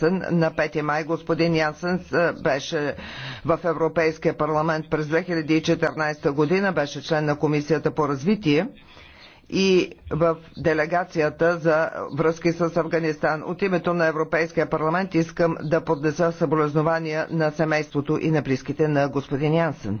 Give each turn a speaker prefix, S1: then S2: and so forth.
S1: на 5 май господин Янсен е, беше в Европейския парламент през 2014 година, беше член на Комисията по развитие и в делегацията за връзки с Афганистан. От името на Европейския парламент искам да поднеса съболезнования на семейството и на близките на господин Янсен.